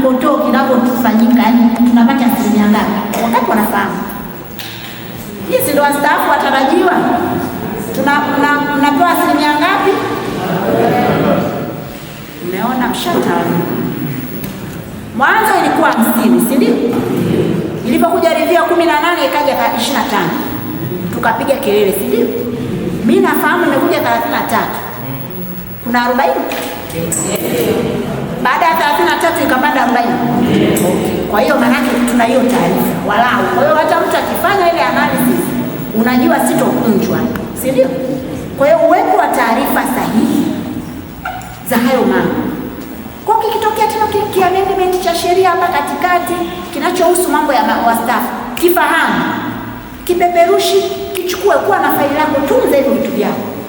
mkotoo kinapofanyika, yani tunapata asilimia ngapi? Wakati wanafahamu hizi ndo wastaafu watarajiwa, tunapewa tuna, tuna asilimia ngapi? Mmeona, mshatawalika. Mwanzo ilikuwa hamsini, si ndio? Ilipokuja review kumi na nane ikaja ishirini na tano tukapiga kelele, si ndio? Mimi nafahamu imekuja thelathini na tatu kuna arobaini baada ya tatu ikapanda arobaini. Kwa hiyo maanake tuna hiyo taarifa walau. Kwa hiyo hata mtu akifanya ile analysis unajua sitokunjwa, si ndio? Kwa hiyo uwepo wa taarifa sahihi za hayo mambo kwa kikitokea tena kiamendment cha sheria hapa katikati kinachohusu mambo ya wastaafu, kifahamu, kipeperushi, kichukue, kuwa na faili lako, tunze hivyo vitu vyako.